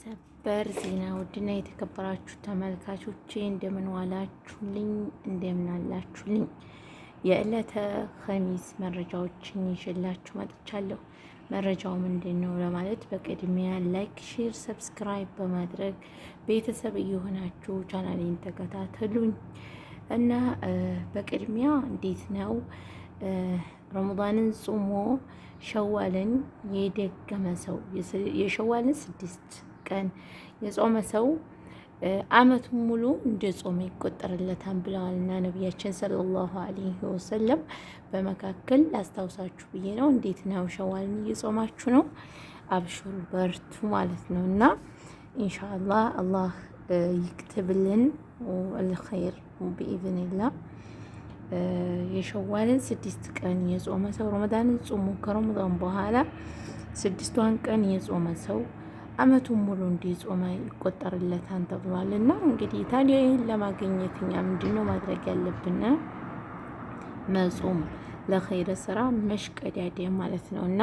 ሰበር ዜና ውድና የተከበራችሁ ተመልካቾቼ እንደምን ዋላችሁልኝ፣ እንደምን አላችሁልኝ። የዕለተ ኸሚስ መረጃዎችን ይዤላችሁ መጥቻለሁ። መረጃው ምንድን ነው ለማለት በቅድሚያ ላይክ፣ ሼር፣ ሰብስክራይብ በማድረግ ቤተሰብ እየሆናችሁ ቻናሌን ተከታተሉኝ እና በቅድሚያ እንዴት ነው ረመዳንን ጾሞ ሸዋልን የደገመ ሰው የሸዋልን ስድስት ቀን የጾመ ሰው አመቱ ሙሉ እንደ ጾመ ይቆጠርለታል ብለዋል እና ነቢያችን ሰለላሁ አለይህ ወሰለም። በመካከል ላስታውሳችሁ ብዬ ነው። እንዴት ነው ሸዋልን እየጾማችሁ ነው? አብሽሩ በርቱ ማለት ነው እና ኢንሻአላህ አላህ ይክትብልን አልኸይር ቢኢዝኒላህ። የሸዋልን ስድስት ቀን የጾመ ሰው ረመዳንን ጾሙ ከረመዳን በኋላ ስድስቷን ቀን የጾመ ሰው አመቱን ሙሉ እንዲጾመ ይቆጠርለታል ተብሏል። እና እንግዲህ ታዲያ ይህን ለማግኘት እኛ ምንድን ነው ማድረግ ያለብን? መጾም፣ ለኸይረ ስራ መሽቀዳደ ማለት ነው እና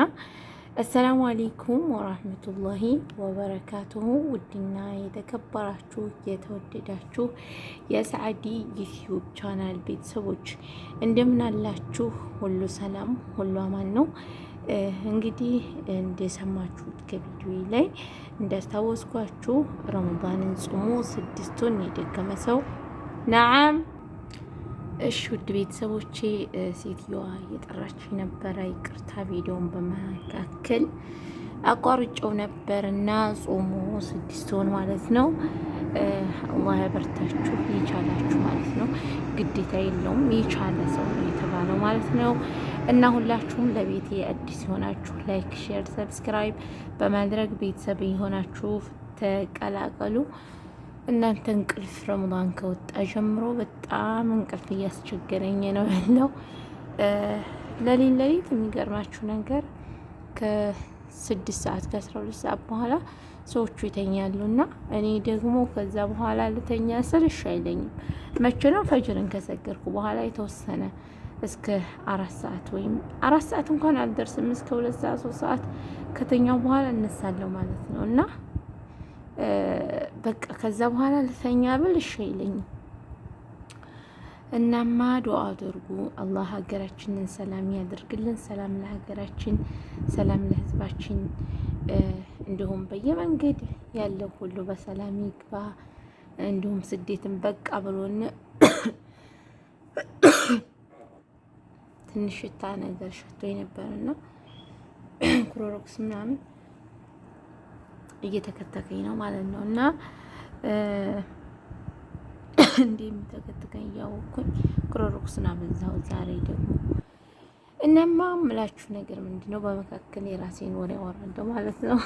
አሰላሙ አሌይኩም ወራህመቱላሂ ወበረካቱሁ ውድና የተከበራችሁ የተወደዳችሁ የሰዓዲ ዩትዩብ ቻናል ቤተሰቦች እንደምን አላችሁ? ሁሉ ሰላም፣ ሁሉ አማን ነው። እንግዲህ እንደሰማችሁት ከቪዲዮ ላይ እንዳስታወስኳችሁ ረመዳንን ጾሙ ስድስቱን የደገመ ሰው ነዓም። እሺ ውድ ቤተሰቦቼ ሴትዮዋ እየጠራች ነበረ። ይቅርታ ቪዲዮን በመካከል አቋርጬው ነበር እና ጾሙ ስድስቱን ማለት ነው አላህ ያበርታችሁ፣ ይቻላችሁ ማለት ነው። ግዴታ የለውም የቻለ ሰው ነው የተባለው ማለት ነው። እና ሁላችሁም ለቤት አዲስ የሆናችሁ ላይክ፣ ሼር፣ ሰብስክራይብ በማድረግ ቤተሰብ የሆናችሁ ተቀላቀሉ። እናንተ እንቅልፍ ረመዳን ከወጣ ጀምሮ በጣም እንቅልፍ እያስቸገረኝ ነው ያለው። ለሌት ለሌት የሚገርማችሁ ነገር ስድስት ሰዓት ከአስራ ሁለት ሰዓት በኋላ ሰዎቹ ይተኛሉ እና እኔ ደግሞ ከዛ በኋላ ልተኛ ስል እሺ አይለኝም። መቼ ነው ፈጅርን ከሰገርኩ በኋላ የተወሰነ እስከ አራት ሰዓት ወይም አራት ሰዓት እንኳን አልደርስም እስከ ሁለት ሰዓት ሶስት ሰዓት ከተኛው በኋላ እነሳለሁ ማለት ነው እና በቃ ከዛ በኋላ ልተኛ ብል እሺ አይለኝም። እናማ ዱዓ አድርጉ። አላህ ሀገራችንን ሰላም ያደርግልን። ሰላም ለሀገራችን፣ ሰላም ለህዝባችን እንዲሁም በየመንገድ ያለው ሁሉ በሰላም ይግባ። እንዲሁም ስደትን በቃ ብሎን ትንሽ ሽታ ነገር ሸቶ የነበረና ክሮሮክስ ምናምን እየተከተከኝ ነው ማለት ነው እና እንደሚተከትከኝ እያወቅኩኝ ክሮሮክስን አበዛው ዛሬ ደግሞ። እናማ ምላችሁ ነገር ምንድን ነው? በመካከል የራሴን ወሬ አወራለሁ ማለት ነው።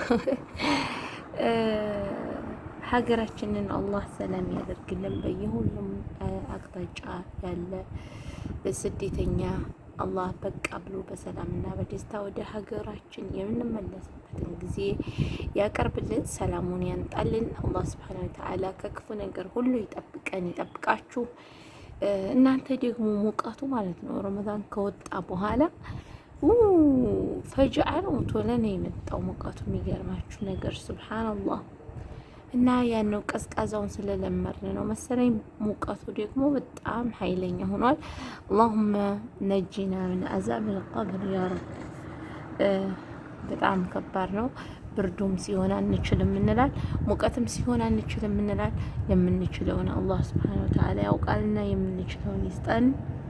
ሀገራችንን አላህ ሰላም ያደርግልን። በየሁሉም አቅጣጫ ያለ ስደተኛ አላህ በቃ ብሎ በሰላምና በደስታ ወደ ሀገራችን የምንመለስበትን ጊዜ ያቀርብልን፣ ሰላሙን ያንጣልን። አላህ ስብሐነሁ ወተዓላ ከክፉ ነገር ሁሉ ይጠብቀን፣ ይጠብቃችሁ። እናንተ ደግሞ ሙቀቱ ማለት ነው ረመዳን ከወጣ በኋላ ፈጅአ ነው ቶሎ የመጣው ሙቀቱ። የሚገርማችሁ ነገር ሱብሃነላህ እና ያነው ቀዝቃዛውን ስለለመድን ነው መሰለኝ። ሙቀቱ ደግሞ በጣም ኃይለኛ ሆኗል። አላሁመ ነጂና ምን አዛብል ቀብር ያ በጣም ከባድ ነው። ብርዱም ሲሆን አንችልም እንላል፣ ሙቀትም ሲሆን አንችልም እንላል። የምንችለውን አላህ ስብሓነሁ ወተዓላ ያውቃልና የምንችለውን ይስጠን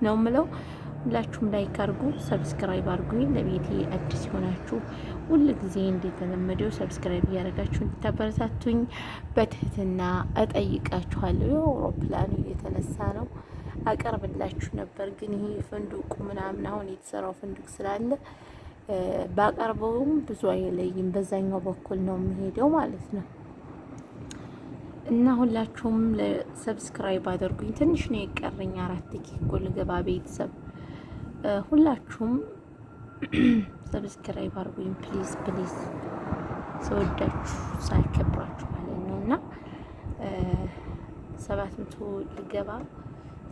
ነው ምለው። ሁላችሁም ላይክ አድርጉ፣ ሰብስክራይብ አድርጉኝ። ለቤቴ አዲስ የሆናችሁ ሁል ጊዜ እንደተለመደው ሰብስክራይብ እያደረጋችሁ እንድታበረታቱኝ በትህትና እጠይቃችኋለሁ። የአውሮፕላኑ እየተነሳ ነው አቀርብላችሁ ነበር፣ ግን ይሄ ፍንዱቁ ምናምን አሁን የተሰራው ፍንዱቅ ስላለ ባቀርበውም ብዙ አይለይም። በዛኛው በኩል ነው የሚሄደው ማለት ነው። እና ሁላችሁም ሰብስክራይብ አድርጉኝ። ትንሽ ነው የቀረኝ፣ አራት ኬክ ልገባ ቤተሰብ ሁላችሁም ሰብስክራይብ አድርጉኝ ፕሊዝ ፕሊዝ። ስወዳችሁ ሳይከብራችሁ ማለት ነው እና ሰባት መቶ ልገባ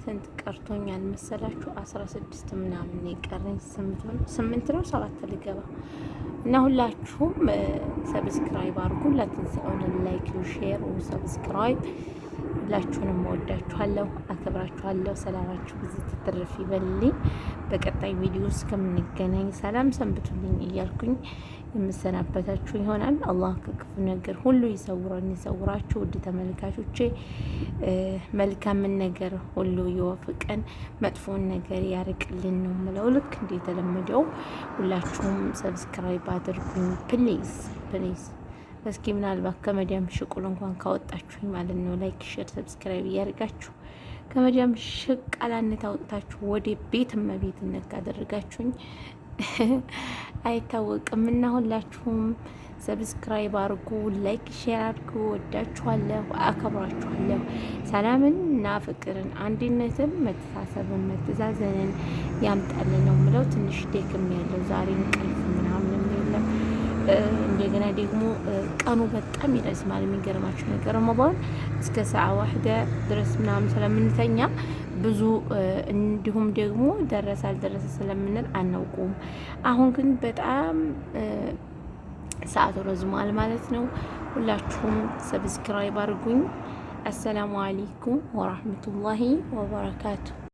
ስንት ቀርቶኛል መሰላችሁ? አስራ ስድስት ምናምን የቀረኝ ስምንት ነው ሰባት ልገባ እና ሁላችሁም ሰብስክራይብ አርጉ። ለትንሳኤውን ላይክ፣ ሼር፣ ሰብስክራይብ ሁላችሁንም እወዳችኋለሁ፣ አከብራችኋለሁ። ሰላማችሁ ብዙ ትትርፍ ይበልልኝ። በቀጣይ ቪዲዮ እስከምንገናኝ ሰላም ሰንብቱልኝ እያልኩኝ የምሰናበታችሁ ይሆናል። አላህ ከክፉ ነገር ሁሉ ይሰውረን፣ ይሰውራችሁ። ውድ ተመልካቾቼ መልካምን ነገር ሁሉ ይወፍቀን፣ መጥፎን ነገር ያርቅልን ነው ምለው። ልክ እንደተለመደው ሁላችሁም ሰብስክራይብ አድርጉኝ ፕሊዝ ፕሊዝ። እስኪ ምናልባት ከመዲያም ሽቁል እንኳን ካወጣችሁ ማለት ነው። ላይክ ሸር፣ ሰብስክራይብ እያደርጋችሁ ከመዲያም ሽቃላነት አውጥታችሁ ወደ ቤት እመቤትነት ካደረጋችሁኝ አይታወቅም እና ሁላችሁም ሰብስክራይብ አድርጉ፣ ላይክ ሼር አድርጉ። ወዳችኋለሁ፣ አከብራችኋለሁ። ሰላምን እና ፍቅርን፣ አንድነትን፣ መተሳሰብን፣ መተዛዘንን ያምጣልን ነው ምለው። ትንሽ ደክም ያለው ዛሬ እንቅልፍ ምናምንም የለም እንደገና ደግሞ ቀኑ በጣም ይረዝማል። የሚገርማችሁ ነገር ረመዳን እስከ ሰዓ ዋህደ ድረስ ምናምን ስለምንተኛ ብዙ እንዲሁም ደግሞ ደረሰ አልደረሰ ስለምንል አናውቁም። አሁን ግን በጣም ሰዓቱ ረዝሟል ማለት ነው። ሁላችሁም ሰብስክራይብ አድርጉኝ። አሰላሙ አለይኩም ወራህመቱላሂ ወበረካቱ